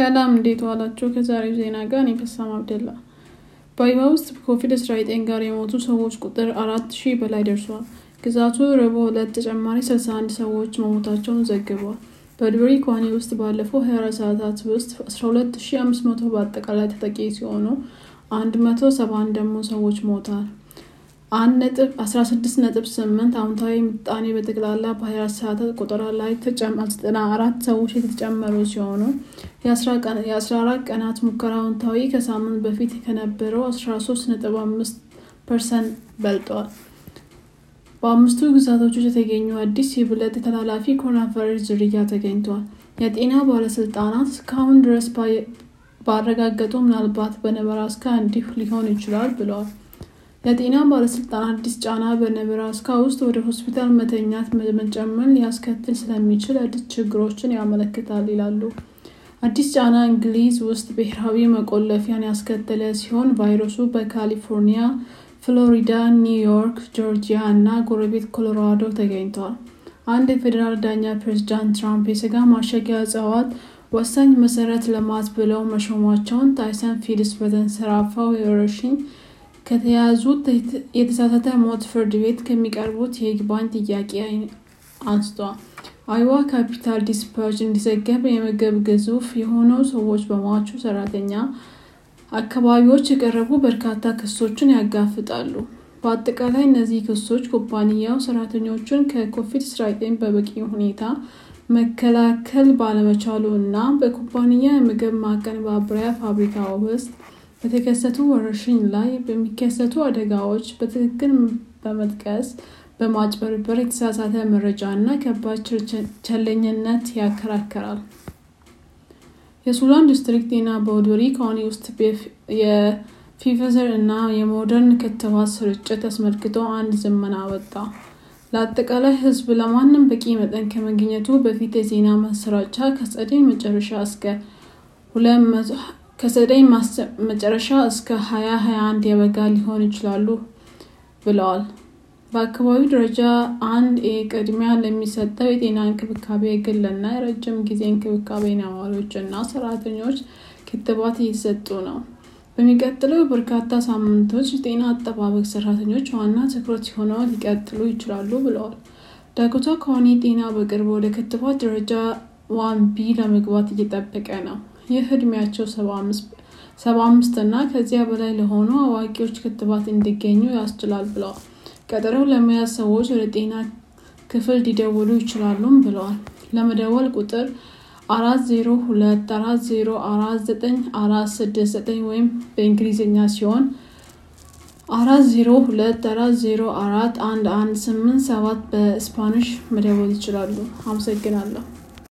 ሰላም እንዴት ዋላቸው ከዛሬው ዜና ጋር እኔ ከሳም አብደላ። በአይባ ውስጥ ከኮቪድ-19 ጋር የሞቱ ሰዎች ቁጥር አራት ሺህ በላይ ደርሷል። ግዛቱ ረቦ ሁለት ተጨማሪ አንድ ሰዎች መሞታቸውን ዘግቧል። በድብሪ ኳኒ ውስጥ ባለፈው 24 ሰዓታት ውስጥ መቶ በአጠቃላይ ተጠቂ ሲሆኑ አንድ ደግሞ ሰዎች ሞታል። 16.8 አሁንታዊ ምጣኔ በጠቅላላ በ24 ሰዓታት ቆጠራ ላይ 94 ሰዎች የተጨመሩ ሲሆኑ የ14 ቀናት ሙከራ አሁንታዊ ከሳምንት በፊት ከነበረው 13.5 ፐርሰንት በልጧል። በአምስቱ ግዛቶች የተገኙ አዲስ የብለጥ የተላላፊ ኮሮና ዝርያ ተገኝቷል። የጤና ባለስልጣናት እስካሁን ድረስ ባረጋገጡ ምናልባት በነበራ እስከ እንዲሁ ሊሆን ይችላል ብለዋል። ለጤና ባለስልጣን አዲስ ጫና በነብራስካ ውስጥ ወደ ሆስፒታል መተኛት መጨመን ሊያስከትል ስለሚችል አዲስ ችግሮችን ያመለክታል ይላሉ። አዲስ ጫና እንግሊዝ ውስጥ ብሔራዊ መቆለፊያን ያስከተለ ሲሆን ቫይረሱ በካሊፎርኒያ፣ ፍሎሪዳ፣ ኒውዮርክ፣ ጆርጂያ እና ጎረቤት ኮሎራዶ ተገኝተዋል። አንድ የፌዴራል ዳኛ ፕሬዚዳንት ትራምፕ የስጋ ማሸጊያ እጽዋት ወሳኝ መሰረት ልማት ብለው መሾማቸውን ታይሰን ፊልስ በተንሰራፋው የወረርሽኝ ከተያዙት የተሳሳተ ሞት ፍርድ ቤት ከሚቀርቡት የይግባኝ ጥያቄ አንስቷል። አይዋ ካፒታል ዲስፐርጅ እንዲዘገብ የምግብ ግዙፍ የሆነው ሰዎች በማቹ ሰራተኛ አካባቢዎች የቀረቡ በርካታ ክሶችን ያጋፍጣሉ። በአጠቃላይ እነዚህ ክሶች ኩባንያው ሰራተኞቹን ከኮቪድ-19 በበቂ ሁኔታ መከላከል ባለመቻሉ እና በኩባንያ የምግብ ማቀነባበሪያ ፋብሪካ ውስጥ በተከሰቱ ወረርሽኝ ላይ በሚከሰቱ አደጋዎች በትክክል በመጥቀስ በማጭበርበር የተሳሳተ መረጃ እና ከባድ ቸለኝነት ያከራከራል። የሱዳን ዲስትሪክት ጤና በውድሪ ካውንቲ ውስጥ የፊቨዘር እና የሞደርን ክትባት ስርጭት አስመልክቶ አንድ ዘመና አወጣ። ለአጠቃላይ ህዝብ ለማንም በቂ መጠን ከመገኘቱ በፊት የዜና ማሰራጫ ከጸደይ መጨረሻ እስከ ከሰኔ መጨረሻ እስከ 2021 የበጋ ሊሆን ይችላሉ ብለዋል። በአካባቢው ደረጃ አንድ ኤ ቅድሚያ ለሚሰጠው የጤና እንክብካቤ ግልና የረጅም ጊዜ እንክብካቤ ነዋሪዎች እና ሰራተኞች ክትባት እየተሰጡ ነው። በሚቀጥለው በርካታ ሳምንቶች የጤና አጠባበቅ ሰራተኞች ዋና ትኩረት ሆነው ሊቀጥሉ ይችላሉ ብለዋል። ዳኮታ ከሆነ ጤና በቅርብ ወደ ክትባት ደረጃ ዋን ቢ ለመግባት እየጠበቀ ነው። ይህ እድሜያቸው ሰባ አምስት እና ከዚያ በላይ ለሆኑ አዋቂዎች ክትባት እንዲገኙ ያስችላል ብለዋል። ቀጠሮው ለመያዝ ሰዎች ወደ ጤና ክፍል ሊደውሉ ይችላሉም ብለዋል። ለመደወል ቁጥር 4024049469 ወይም በእንግሊዝኛ ሲሆን 4024041187 በስፓኒሽ መደወል ይችላሉ። አመሰግናለሁ።